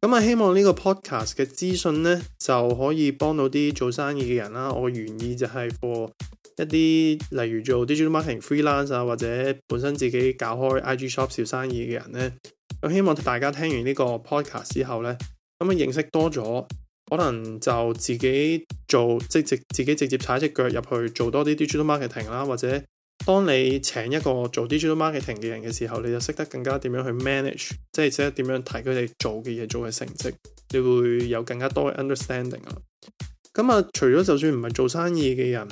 咁啊，希望呢個 podcast 嘅資訊呢，就可以幫到啲做生意嘅人啦。我原意就係 for 一啲例如做 digital marketing freelance 啊，或者本身自己搞開 IG shop 小生意嘅人呢。咁希望大家聽完呢個 podcast 之後呢，咁啊認識多咗，可能就自己做，即自己直接踩隻腳入去做多啲 digital marketing 啦，或者～當你請一個做 digital marketing 嘅人嘅時候，你就識得更加點樣去 manage，即係識得點樣提佢哋做嘅嘢、做嘅成績，你會有更加多嘅 understanding 啦。咁啊，除咗就算唔係做生意嘅人，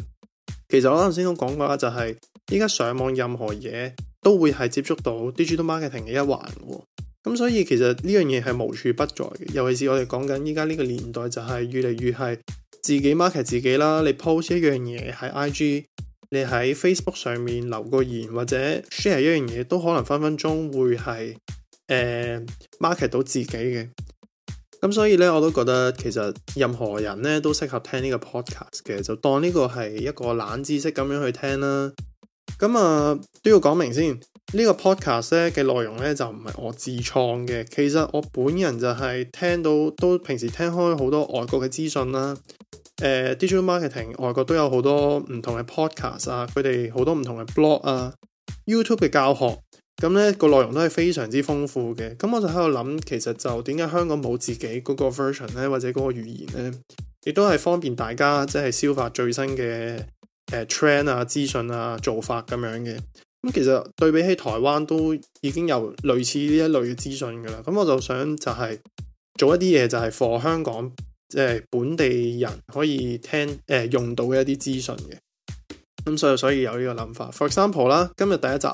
其實我啱先都講過啦，就係依家上網任何嘢都會係接觸到 digital marketing 嘅一環嘅。咁、啊，所以其實呢樣嘢係無處不在嘅，尤其是我哋講緊依家呢個年代，就係越嚟越係自己 market 自己啦。你 post 一樣嘢喺 IG。你喺 Facebook 上面留個言或者 share 一樣嘢，都可能分分鐘會係、呃、market 到自己嘅。咁所以呢，我都覺得其實任何人呢都適合聽呢個 podcast 嘅，就當呢個係一個冷知識咁樣去聽啦。咁啊，都要講明先，呢個 podcast 咧嘅內容呢，就唔係我自創嘅，其實我本人就係聽到都平時聽開好多外國嘅資訊啦。誒、uh，digital marketing 外國都有好多唔同嘅 podcast 啊，佢哋好多唔同嘅 blog 啊，YouTube 嘅教學，咁咧個內容都係非常之豐富嘅。咁我就喺度諗，其實就點解香港冇自己嗰個 version 咧，或者嗰個語言咧，亦都係方便大家即係、就是、消化最新嘅誒 trend 啊資訊啊，資訊啊做法咁樣嘅。咁其實對比起台灣都已經有類似呢一類資訊噶啦。咁我就想就係做一啲嘢就係 for 香港。即係本地人可以聽誒、呃、用到嘅一啲資訊嘅，咁所以所以有呢個諗法。For example 啦，今日第一集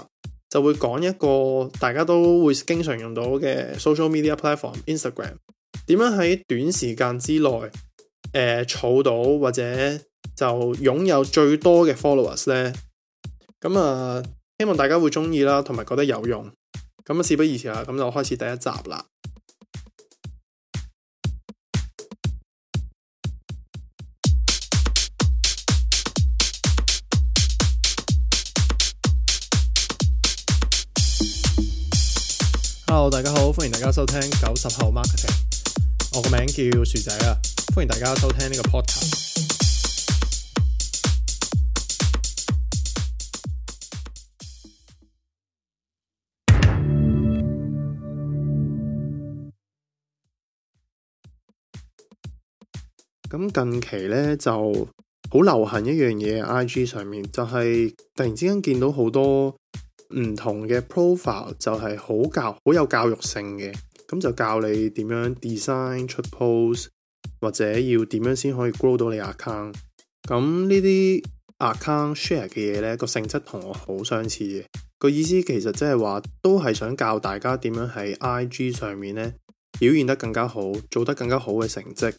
就會講一個大家都會經常用到嘅 social media platform Instagram，點樣喺短時間之內誒、呃、儲到或者就擁有最多嘅 followers 咧？咁啊、呃，希望大家會鍾意啦，同埋覺得有用。咁啊，事不宜遲啦，咁就開始第一集啦。Hello 大家好，歡迎大家收聽九十後 Marketing，我個名叫薯仔啊，歡迎大家收聽呢個 podcast。咁近期咧就好流行一樣嘢，IG 上面就係突然之間見到好多。唔同嘅 profile 就係好教，好有教育性嘅，咁就教你點樣 design 出 post 或者要點樣先可以 grow 到你 account。咁呢啲 account share 嘅嘢呢個性質同我好相似嘅，個意思其實即係話，都係想教大家點樣喺 IG 上面呢表現得更加好，做得更加好嘅成績，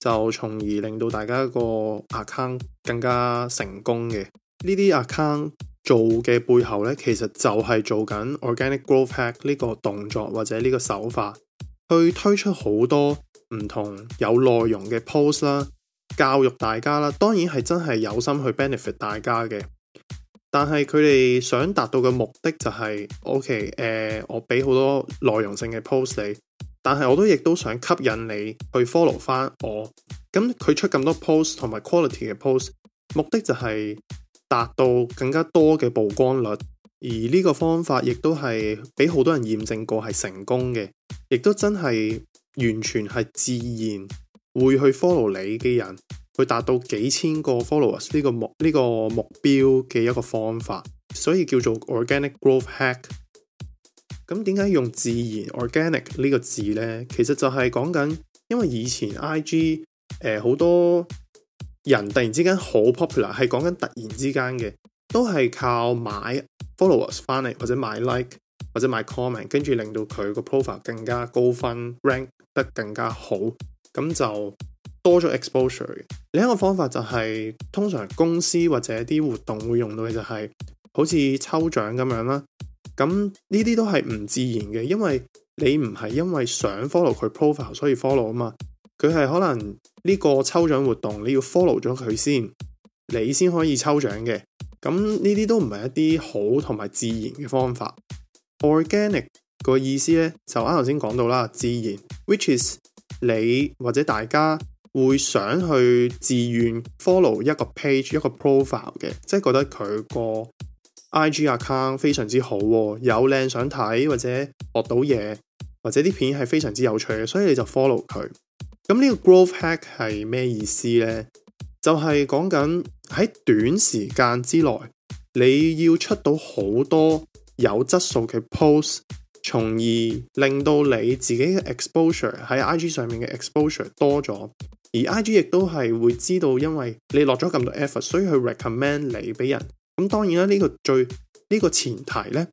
就從而令到大家個 account 更加成功嘅。呢啲 account。做嘅背後咧，其實就係做緊 organic growth hack 呢個動作或者呢個手法，去推出好多唔同有內容嘅 post 啦，教育大家啦。當然係真係有心去 benefit 大家嘅，但係佢哋想達到嘅目的就係，OK，誒，我俾好多內容性嘅 post 你，但係我都亦都想吸引你去 follow 翻我。咁佢出咁多 post 同埋 quality 嘅 post，目的就係。達到更加多嘅曝光率，而呢個方法亦都係俾好多人驗證過係成功嘅，亦都真係完全係自然會去 follow 你嘅人去達到幾千個 followers 呢個目呢個目標嘅一個方法，所以叫做 organic growth hack。咁點解用自然 organic 呢個字呢？其實就係講緊，因為以前 IG 呃好多。人突然之間好 popular，係講緊突然之間嘅，都係靠買 followers 翻嚟，或者買 like，或者買 comment，跟住令到佢個 profile 更加高分 rank 得更加好，咁就多咗 exposure。另一個方法就係、是、通常公司或者啲活動會用到嘅就係、是、好似抽獎咁樣啦，咁呢啲都係唔自然嘅，因為你唔係因為想 follow 佢 profile 所以 follow 啊嘛。佢係可能呢個抽獎活動，你要 follow 咗佢先，你先可以抽獎嘅。咁呢啲都唔係一啲好同埋自然嘅方法。Organic 個意思咧，就啱頭先講到啦，自然，which is 你或者大家會想去自願 follow 一個 page 一個 profile 嘅，即係覺得佢個 IG account 非常之好喎，有靚想睇，或者學到嘢，或者啲片係非常之有趣嘅，所以你就 follow 佢。咁呢個 growth hack 係咩意思呢？就係、係、講緊喺短時間之內，你要出到好多有質素嘅 post，從而令到你自己嘅 exposure 喺 IG 上面嘅 exposure 多咗。而 IG 亦都係會知道，因為你落咗咁多 effort，所以去 recommend 你俾人。咁當然啦，呢、呢個最呢、呢個前提呢，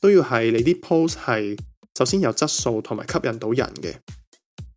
都要係你啲 post 係首先有質素同埋吸引到人嘅。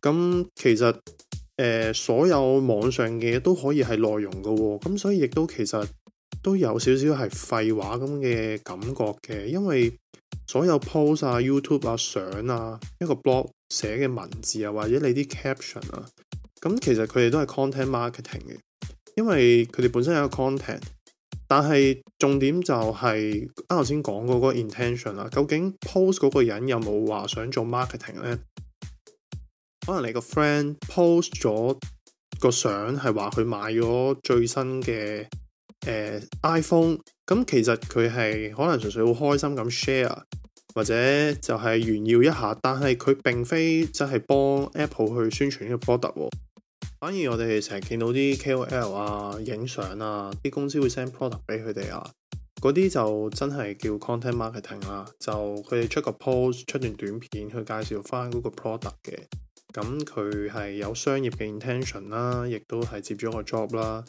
咁其實誒、呃，所有網上嘅嘢，都可以係內容噶、哦，咁所以亦都其實都有少少係廢話咁嘅感覺嘅，因為所有 post 啊、YouTube 啊、相啊、一個 blog 寫嘅文字啊，或者你啲 caption 啊，咁其實佢哋都係 content marketing 嘅，因為佢哋本身有個 content，但係重點就係啱頭先講過嗰個 intention 啦、啊，究竟 post 嗰個人有冇話想做 marketing 咧？可能你個 friend post 咗個相，係話佢買咗最新嘅誒、呃、iPhone。咁其實佢係可能純粹好開心咁 share，或者就係炫耀一下。但係佢並非就係幫 Apple 去宣傳呢個 product。反而我哋成日見到啲 KOL 啊，影相啊，啲公司會 send product 俾佢哋啊，嗰啲就真係叫 content marketing 啦、啊。就佢哋出個 post，出段短片去介紹翻嗰個 product 嘅。咁佢係有商業嘅 intention 啦，亦都係接咗個 job 啦，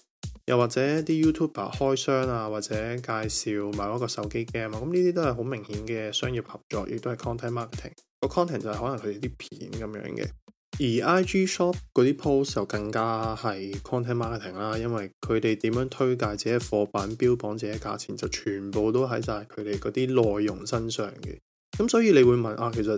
又或者啲 YouTuber 開箱啊，或者介紹某一個手機 game 啊，咁呢啲都係好明顯嘅商業合作，亦都係 content marketing。個 content 就係可能佢哋啲片咁樣嘅，而 IG shop 嗰啲 post 又更加係 content marketing 啦，因為佢哋點樣推介自己貨品、標榜自己價錢，就全部都喺晒佢哋嗰啲內容身上嘅。咁所以你會問啊，其實？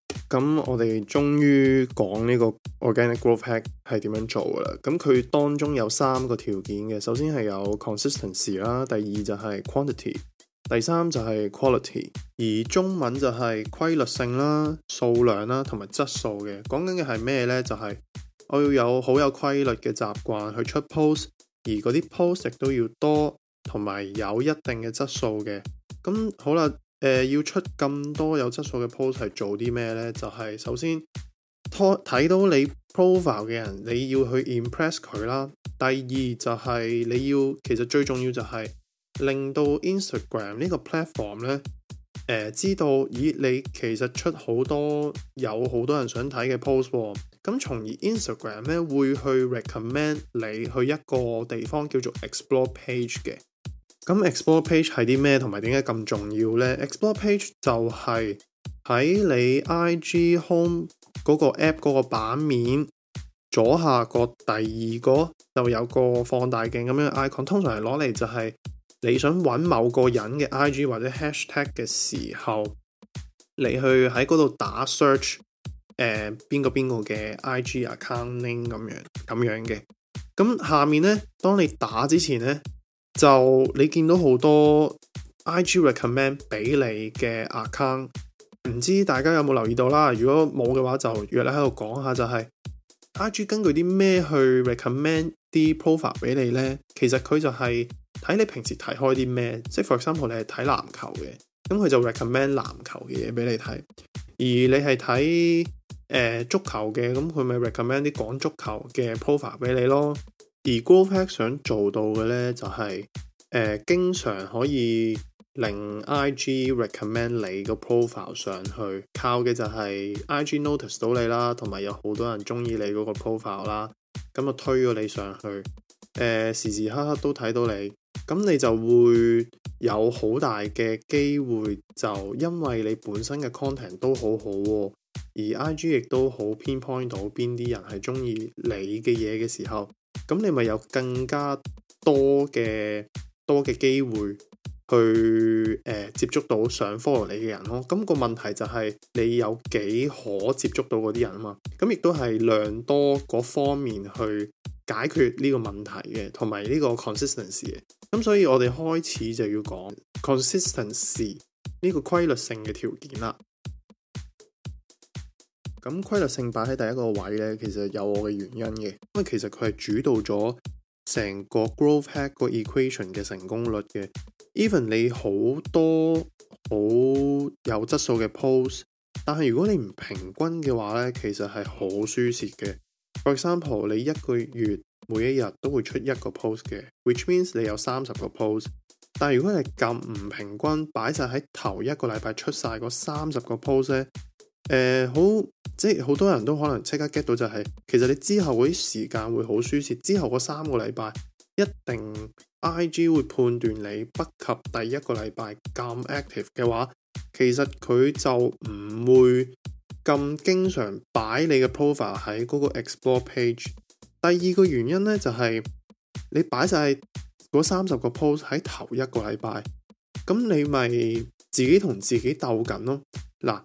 咁我哋終於講呢個 Organic Growth Hack 係點樣做噶啦？咁佢當中有三個條件嘅，首先係有 consistency 啦，第二就係 quantity，第三就係 quality。而中文就係規律性啦、數量啦同埋質素嘅。講緊嘅係咩呢？就係、是、我要有好有規律嘅習慣去出 post，而嗰啲 post 亦都要多同埋有一定嘅質素嘅。咁好啦。誒、呃，要出咁多有質素嘅 post 係做啲咩呢？就係、是、首先睇到你 profile 嘅人，你要去 impress 佢啦。第二就係、是、你要，其實最重要就係、是、令到 Instagram 呢個 platform 咧，知道咦，你其實出好多有好多人想睇嘅 post，咁、啊、從而 Instagram 咧會去 recommend 你去一個地方叫做 Explore Page 嘅。咁 Explore Page 係啲咩，同埋點解咁重要咧？Explore Page 就係喺你 IG Home 嗰個 App 嗰個版面左下角第二個就有個放大鏡咁樣 icon，通常係攞嚟就係你想揾某個人嘅 IG 或者 Hashtag 嘅時候，你去喺嗰度打 search，誒、呃、邊個邊個嘅 IG account name 咁樣咁樣嘅。咁下面咧，當你打之前咧。就你見到好多 IG recommend 俾你嘅 account，唔知大家有冇留意到啦？如果冇嘅話就約、就是，就約你喺度講下，就 係樂 IG 根據啲咩去 recommend 啲 profile 俾你呢？其實佢就係睇你平時睇開啲咩，即係 for example 你係睇籃球嘅，咁佢就 recommend 籃球嘅嘢俾你睇；而你係睇、呃、足球嘅，咁佢咪 recommend 啲講足球嘅 profile 俾你咯。而 Growth Hack 想做到嘅呢，就係、是、誒、呃，經常可以令 IG recommend 你個 profile 上去，靠嘅就係 IG notice 到你啦，同埋有好多人中意你嗰個 profile 啦，咁、嗯、啊推咗你上去，誒、呃、時時刻刻都睇到你，咁、嗯、你就會有好大嘅機會，就因為你本身嘅 content 都好好、啊，而 IG 亦都好 pinpoint 到邊啲人係中意你嘅嘢嘅時候。咁你咪有更加多嘅多嘅機會去誒、呃、接觸到想 follow 你嘅人咯，咁、個問題就係你有幾可接觸到嗰啲人啊嘛，咁亦都係量多嗰方面去解決呢個問題嘅，同埋呢個 consistency 嘅，咁所以我哋開始就要講 consistency 呢個規律性嘅條件啦。咁規律性擺喺第一個位咧，其實有我嘅原因嘅，因為其實佢係主導咗成個 growth hack 個 equation 嘅成功率嘅。Even 你好多好有質素嘅 post，但係如果你唔平均嘅話咧，其實係好輸蝕嘅。For example，你一個月每一日都會出一個 post 嘅，which means 你有三十個 post。但係如果你咁唔平均，擺晒喺頭一個禮拜出晒嗰三十個 post 咧。誒、呃，好即係好多人都可能即刻 get 到就係、是，其實你之後嗰啲時間會好舒適。之後嗰三個禮拜一定 IG 會判斷你不及第一個禮拜咁 active 嘅話，其實佢就唔會咁經常擺你嘅 profile 喺嗰個 Explore Page。第二個原因呢，就係、是、你擺晒嗰三十個 post 喺頭一個禮拜，咁你咪自己同自己鬥緊咯嗱。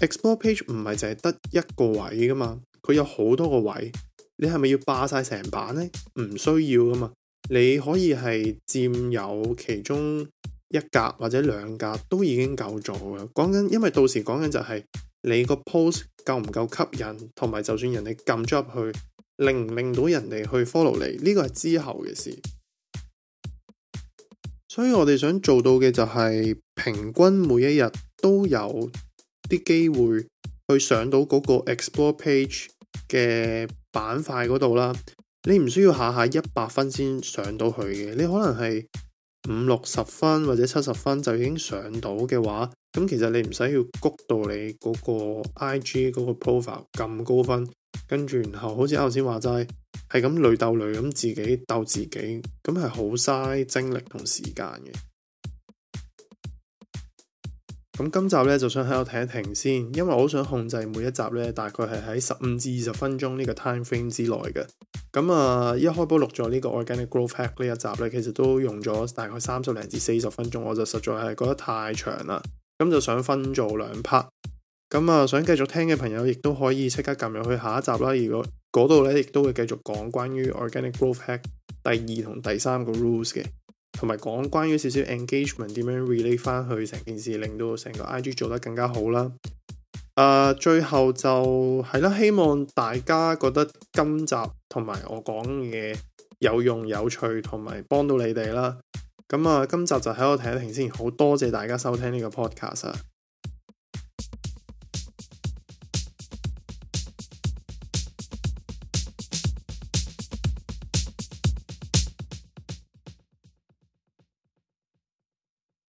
Explore page 唔係淨係得一個位噶嘛，佢有好多個位，你係咪要霸晒成版呢？唔需要噶嘛，你可以係佔有其中一格或者兩格都已經夠咗。噶。講緊，因為到時講緊就係、是、你個 post 夠唔夠吸引，同埋就算人哋撳咗入去，令唔令到人哋去 follow 你呢、這個係之後嘅事。所以我哋想做到嘅就係、是、平均每一日都有。啲機會去上到嗰個 Explore Page 嘅板塊嗰度啦，你唔需要下下一百分先上到去嘅，你可能係五六十分或者七十分就已經上到嘅話，咁其實你唔使要谷到你嗰個 IG 嗰個 profile 咁高分，跟住然後好似啱先話齋，係咁累鬥累咁自己鬥自己，咁係好嘥精力同時間嘅。咁今集咧就想喺度停一停先，因為我好想控制每一集咧大概係喺十五至二十分鐘呢個 time frame 之內嘅。咁啊，一開波錄咗呢個 Organic Growth Hack 呢一集咧，其實都用咗大概三十零至四十分鐘，我就實在係覺得太長啦。咁就想分做兩 part。咁啊，想繼續聽嘅朋友亦都可以即刻撳入去下一集啦。如果嗰度咧亦都會繼續講關於 Organic Growth Hack 第二同第三個 rules 嘅。同埋講關於少少 engagement 點樣 relay 翻去成件事，令到成個 IG 做得更加好啦。誒、呃，最後就係啦，希望大家覺得今集同埋我講嘢有用有趣，同埋幫到你哋啦。咁、嗯、啊，今集就喺度停一停先，好多謝大家收聽呢個 podcast